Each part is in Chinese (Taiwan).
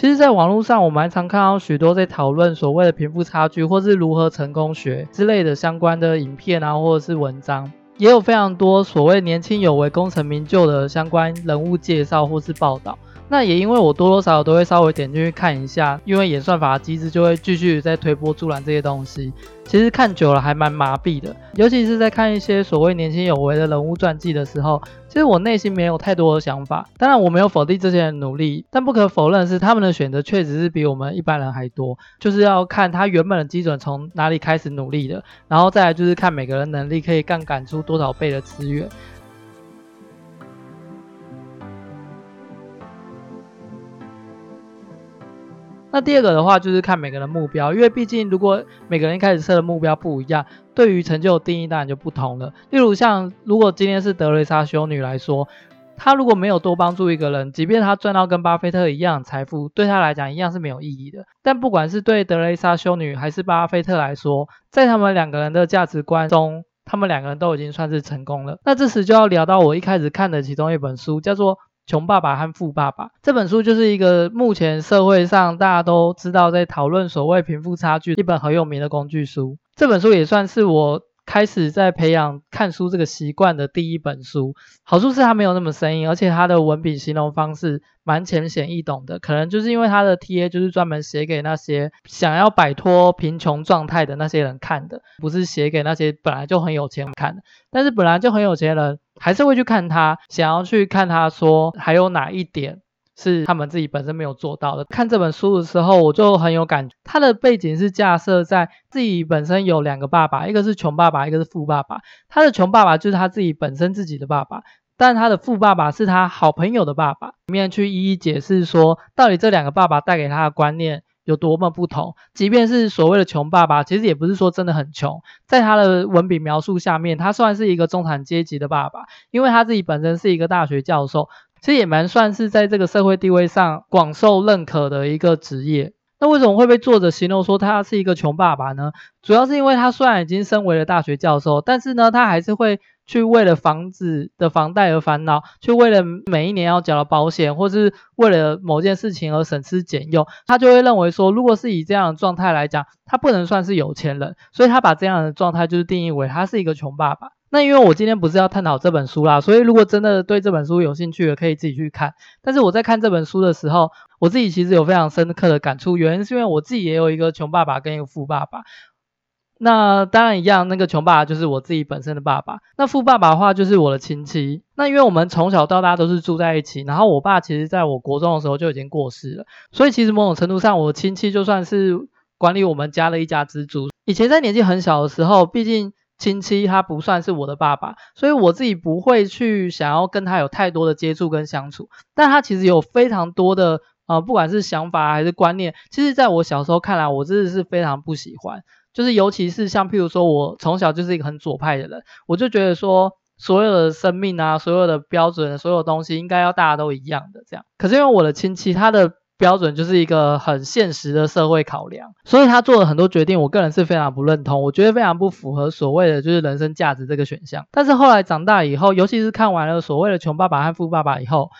其實，在網絡上，我蠻常看到許多在討論所謂的貧富差距，或是如何成功學之類的相關的影片啊，或者是文章，也有非常多所謂年輕有為、功成名就的相關人物介紹或是報道。那也因為我多多少少都會稍微點進去看一下，因為演算法的機制就會繼續在推波助瀾這些東西。其實看久了還蠻麻痹的，尤其是在看一些所謂年輕有為的人物傳記的時候，其實我內心沒有太多的想法。當然，我沒有否定這些人努力，但不可否認的是，他們的選擇確實是比我們一般人還多。就是要看他原本的基準從哪裡開始努力的，然後再來就是看每個人能力可以槓桿出多少倍的資源。那第二個的話，就是看每個人目標，因為畢竟如果每個人一開始設的目標不一樣，對於成就的定義當然就不同了。例如像，像如果今天是德雷莎修女來說，她如果沒有多幫助一個人，即便她賺到跟巴菲特一樣的財富，對她來講一樣是沒有意義的。但不管是對德雷莎修女還是巴菲特來說，在他們兩個人的價值觀中，他們兩個人都已經算是成功了。那這時就要聊到我一開始看的其中一本書，叫做。《窮爸爸和富爸爸》這本書就是一個目前社會上大家都知道，在討論所謂貧富差距，一本很有名的工具書。這本書也算是我。開始在培養看書這個習慣的第一本書，好處是它沒有那麼生硬，而且它的文筆形容方式蠻淺顯易懂的。可能就是因為他的 TA 就是專門寫給那些想要擺脫貧窮狀態的那些人看的，不是寫給那些本來就很有錢看的。但是本來就很有錢的人還是會去看他，想要去看他說還有哪一點。是他們自己本身沒有做到的。看這本書的時候，我就很有感覺。他的背景是架設在自己本身有兩個爸爸，一個是窮爸爸，一個是富爸爸。他的窮爸爸就是他自己本身自己的爸爸，但他的富爸爸是他好朋友的爸爸。裡面去一一解釋說，到底這兩個爸爸帶給他的觀念有多麼不同。即便是所謂的窮爸爸，其實也不是說真的很窮。在他的文筆描述下面，他算是一個中產階級的爸爸，因為他自己本身是一個大學教授。其實也蠻算是在這個社會地位上廣受認可的一個職業。那為什麼會被作者形容說他是一個窮爸爸呢？主要是因為他雖然已經升為了大學教授，但是呢，他還是會去為了房子的房貸而煩惱，去為了每一年要繳的保險，或是為了某件事情而省吃儉用。他就會認為說，如果是以這樣的狀態來講，他不能算是有錢人，所以他把這樣的狀態就是定義為他是一個窮爸爸。那因為我今天不是要探討這本書啦，所以如果真的對這本書有興趣的，可以自己去看。但是我在看這本書的時候，我自己其實有非常深刻的感觸，原因是因為我自己也有一個窮爸爸跟一個富爸爸。那當然一樣，那個窮爸爸就是我自己本身的爸爸，那富爸爸的話就是我的親戚。那因為我們從小到大都是住在一起，然後我爸其實在我國中的時候就已經過世了，所以其實某種程度上，我親戚就算是管理我們家的一家之主。以前在年紀很小的時候，畢竟。親戚他不算是我的爸爸，所以我自己不會去想要跟他有太多的接觸跟相處。但他其實有非常多的呃，不管是想法還是觀念，其實在我小時候看來，我真的是非常不喜歡。就是尤其是像譬如說，我從小就是一個很左派的人，我就覺得說，所有的生命啊，所有的標準，所有東西應該要大家都一樣的這樣。可是因為我的親戚，他的標準就是一個很現實的社會考量，所以他做了很多決定，我個人是非常不認同，我覺得非常不符合所謂的就是人生價值這個選項。但是後來長大以後，尤其是看完了所謂的窮爸爸和富爸爸以後，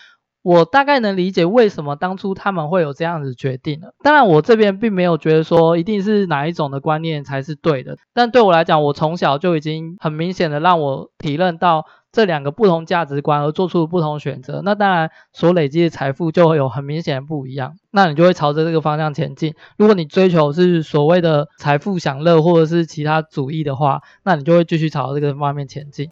我大概能理解為什麼當初他們會有這樣子決定了。當然，我這邊並沒有覺得說一定是哪一種的觀念才是對的，但對我來講，我從小就已經很明顯的讓我體認到。這兩個不同價值觀而做出不同選擇，那當然所累積的財富就會有很明顯的不一樣。那你就會朝着這個方向前進。如果你追求是所謂的財富享樂或者是其他主義的話，那你就會繼續朝着這個方面前進。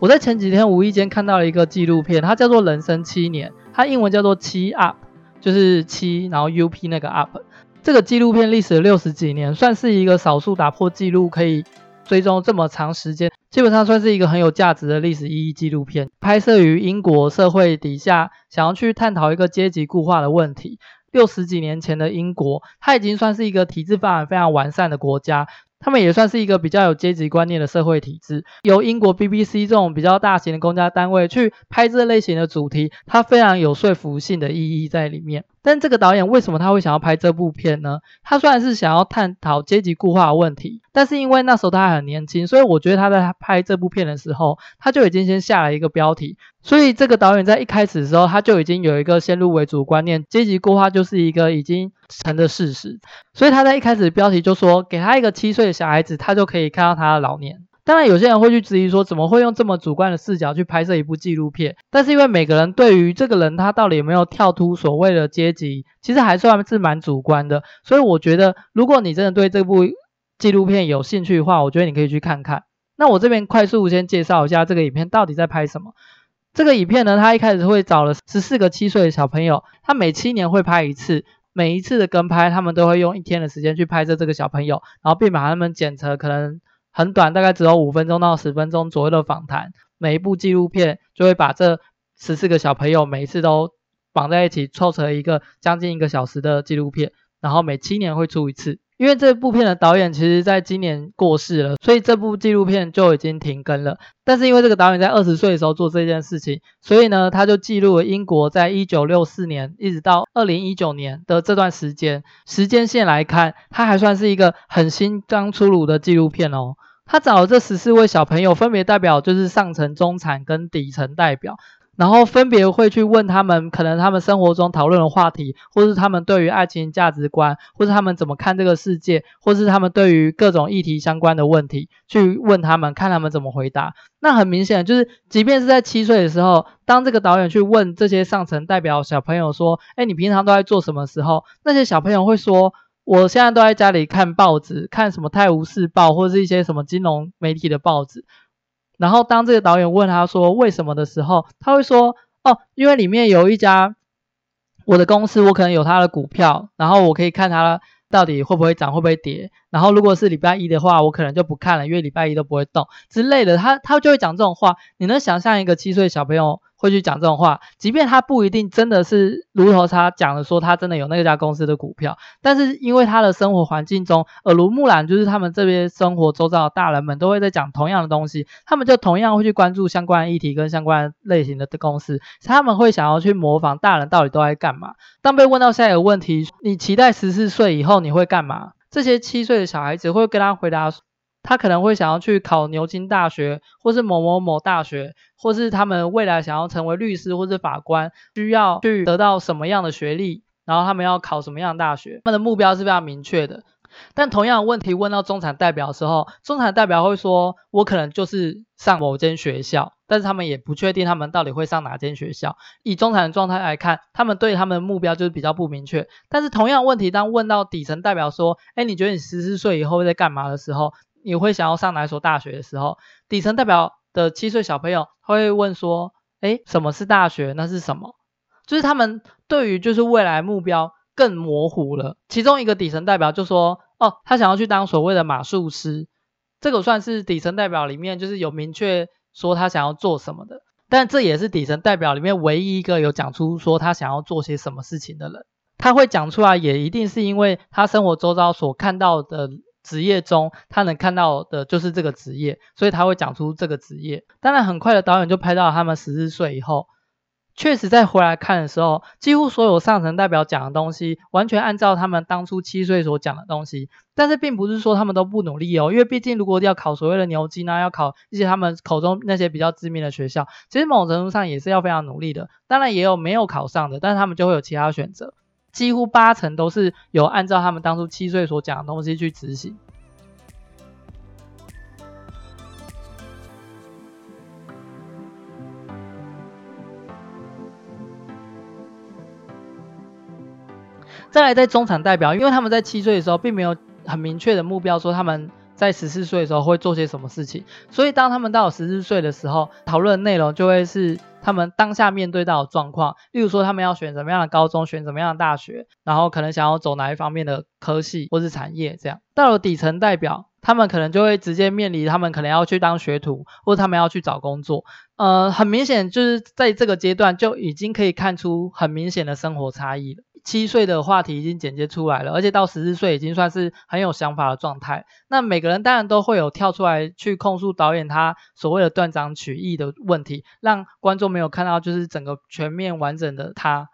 我在前幾天無意間看到了一個紀錄片，它叫做《人生七年》。它英文叫做七 up，就是七，然後 u p 那個 up。這個紀錄片歷時六十幾年，算是一個少數打破紀錄可以追蹤這麼長時間，基本上算是一個很有價值的歷史意義紀錄片。拍攝於英國社會底下，想要去探討一個階級固化的問題。六十幾年前的英國，它已經算是一個體制發展非常完善的國家。他們也算是一個比較有階級觀念的社會體制。由英國 BBC 這種比較大型的公家單位去拍這類型的主題，它非常有說服性的意義在裡面。但這個導演為什麼他會想要拍這部片呢？他雖然是想要探討階級固化的問題，但是因為那時候他還很年輕，所以我覺得他在拍這部片的時候，他就已經先下了一個標題。所以這個導演在一開始的時候，他就已經有一個先入為主的觀念，階級固化就是一個已經成的事實。所以他在一開始標題就說，給他一個七歲的小孩子，他就可以看到他的老年。當然，有些人會去質疑說，怎麼會用這麼主觀的視角去拍攝一部紀錄片？但是因為每個人對於這個人他到底有沒有跳脫所謂的階級，其實還算是蠻主觀的。所以我覺得，如果你真的對這部紀錄片有興趣的話，我覺得你可以去看看。那我這邊快速先介紹一下這個影片到底在拍什麼。這個影片呢，他一開始會找了十四個七歲的小朋友，他每七年會拍一次，每一次的跟拍，他們都會用一天的時間去拍攝這個小朋友，然後並把他們剪成可能。很短，大概只有五分鐘到十分鐘左右的訪談。每一部紀錄片就會把這十四個小朋友每一次都綁在一起，湊成一個將近一個小時的紀錄片。然後每七年會出一次。因為這部片的導演其實在今年過世了，所以這部紀錄片就已經停更了。但是因為這個導演在二十歲的時候做這件事情，所以呢，他就記錄了英國在一九六四年一直到二零一九年的這段時間。時間線來看，他還算是一個很新剛出爐的紀錄片哦。他找的這十四位小朋友，分別代表就是上層、中產跟底層代表。然後分別會去問他們，可能他們生活中討論的話題，或是他們對於愛情價值觀，或是他們怎麼看這個世界，或是他們對於各種議題相關的問題，去問他們，看他們怎麼回答。那很明顯的就是，即便是在七歲的時候，當這個導演去問這些上層代表小朋友說：“哎，你平常都在做什麼？”時候，那些小朋友會說：“我現在都在家裡看報紙，看什麼《泰晤士報》或是一些什麼金融媒體的報紙。”然後當這個導演問他說為什麼的時候，他會說哦，因為裡面有一家我的公司，我可能有他的股票，然後我可以看他到底會不會漲，會不會跌。然後如果是禮拜一的話，我可能就不看了，因為禮拜一都不會動之類的。他他就會講這種話。你能想象一個七歲小朋友？會去講這種話，即便他不一定真的是，如同他講的說，他真的有那家公司的股票，但是因為他的生活環境中耳濡目染，就是他們這邊生活周遭的大人們都會在講同樣的東西，他們就同樣會去關注相關議題跟相關類型的公司，他們會想要去模仿大人到底都在幹嘛。當被問到現在有問題，你期待十四歲以後你會幹嘛？這些七歲的小孩子會跟他回答說，他可能會想要去考牛津大學，或是某某某大學，或是他們未來想要成為律師或者法官，需要去得到什麼樣的學歷，然後他們要考什麼樣的大學，他們的目標是非常明確的。但同樣的問題問到中產代表的時候，中產代表會說：“我可能就是上某間學校，但是他們也不確定他們到底會上哪間學校。”以中產的狀態來看，他們對他們的目標就是比較不明確。但是同樣的問題當問到底層代表說：“哎，你覺得你十四歲以後會在幹嘛的時候？”你會想要上哪所大學的時候，底層代表的七歲小朋友他會問說：“誒，什麼是大學？那是什麼？”就是他們對於就是未來目標更模糊了。其中一個底層代表就說：“哦，他想要去當所謂的馬術師。”這個算是底層代表裡面就是有明確說他想要做什麼的，但這也是底層代表裡面唯一一個有講出說他想要做些什麼事情的人。他會講出來，也一定是因為他生活周遭所看到的。職業中他能看到的就是這個職業，所以他會講出這個職業。當然，很快的導演就拍到了他們十四歲以後，確實再回來看的時候，幾乎所有上層代表講的東西，完全按照他們當初七歲所講的東西。但是，並不是說他們都不努力哦，因為畢竟如果要考所謂的牛津啊，要考一些他們口中那些比較知名的學校，其實某種程度上也是要非常努力的。當然，也有沒有考上的，但是他們就會有其他選擇。幾乎八成都是有按照他們當初七歲所講的東西去執行。再來，在中產代表，因為他們在七歲的時候並沒有很明確的目標，說他們在十四歲的時候會做些什麼事情，所以當他們到十四歲的時候，討論內容就會是。他們當下面對到的狀況，例如說他們要選什麼樣的高中，選什麼樣的大學，然後可能想要走哪一方面的科系或是產業這樣。到了底層代表，他們可能就會直接面臨他們可能要去當學徒，或者他們要去找工作。呃，很明顯就是在這個階段就已經可以看出很明顯的生活差異了。七歲的話題已經剪接出來了，而且到十四歲已經算是很有想法的狀態。那每個人當然都會有跳出來去控訴導演他所謂的斷章取義的問題，讓觀眾沒有看到就是整個全面完整的他。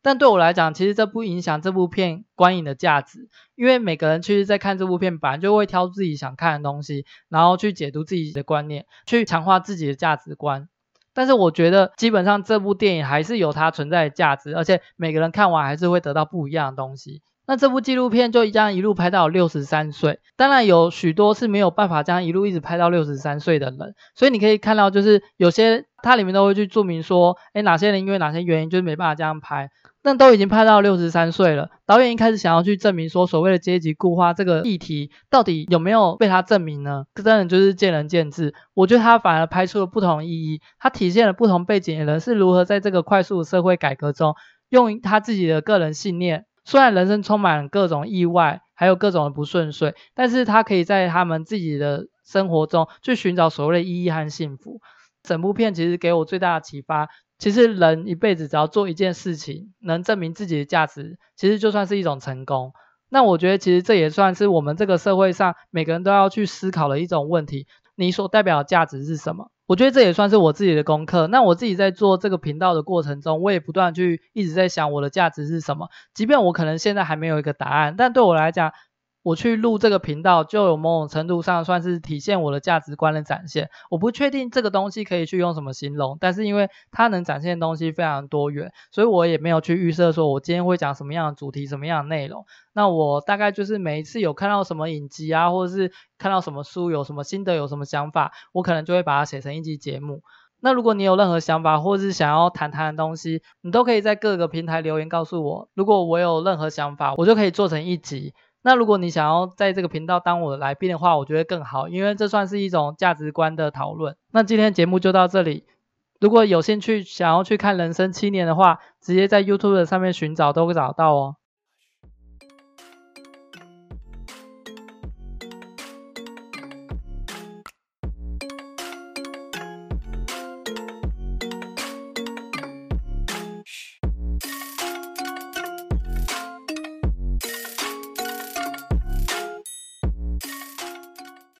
但對我來講，其實這不影響這部片觀影的價值，因為每個人其實，在看這部片，本來就會挑自己想看的東西，然後去解讀自己的觀念，去強化自己的價值觀。但是我覺得基本上這部電影還是有它存在的價值，而且每個人看完還是會得到不一樣的東西。那這部紀錄片就這一樣一路拍到六十三歲，當然有許多是沒有辦法這樣一路一直拍到六十三歲的人，所以你可以看到，就是有些它裡面都會去註明說，誒，哪些人因為哪些原因就是沒辦法這樣拍，但都已經拍到六十三歲了。導演一開始想要去證明說，所謂的階級固化這個議題到底有沒有被他證明呢？這真的就是見仁見智。我覺得他反而拍出了不同意義，他體現了不同背景的人是如何在這個快速的社會改革中，用他自己的個人信念。雖然人生充滿各種意外，還有各種的不順遂，但是他可以在他們自己的生活中去尋找所謂的意義和幸福。整部片其實給我最大的啟發，其實人一輩子只要做一件事情，能證明自己的價值，其實就算是一種成功。那我覺得其實這也算是我們這個社會上每個人都要去思考的一種問題，你所代表的價值是什麼？我覺得這也算是我自己的功課。那我自己在做這個頻道的過程中，我也不斷去一直在想我的價值是什麼。即便我可能現在還沒有一個答案，但對我來講。我去錄這個頻道，就有某種程度上算是體現我的價值觀的展現。我不確定這個東西可以去用什麼形容，但是因為它能展現的東西非常多元，所以我也沒有去預設說我今天會講什麼樣的主題、什麼樣的內容。那我大概就是每一次有看到什麼影集啊，或者是看到什麼書，有什麼心得、有什麼想法，我可能就會把它寫成一集節目。那如果你有任何想法，或者是想要談談的東西，你都可以在各個平台留言告訴我。如果我有任何想法，我就可以做成一集。那如果你想要在這個頻道當我的來賓的話，我覺得更好，因為這算是一種價值觀的討論。那今天節目就到這裡，如果有興趣想要去看《人生七年》的話，直接在 YouTube 上面尋找都會找到哦。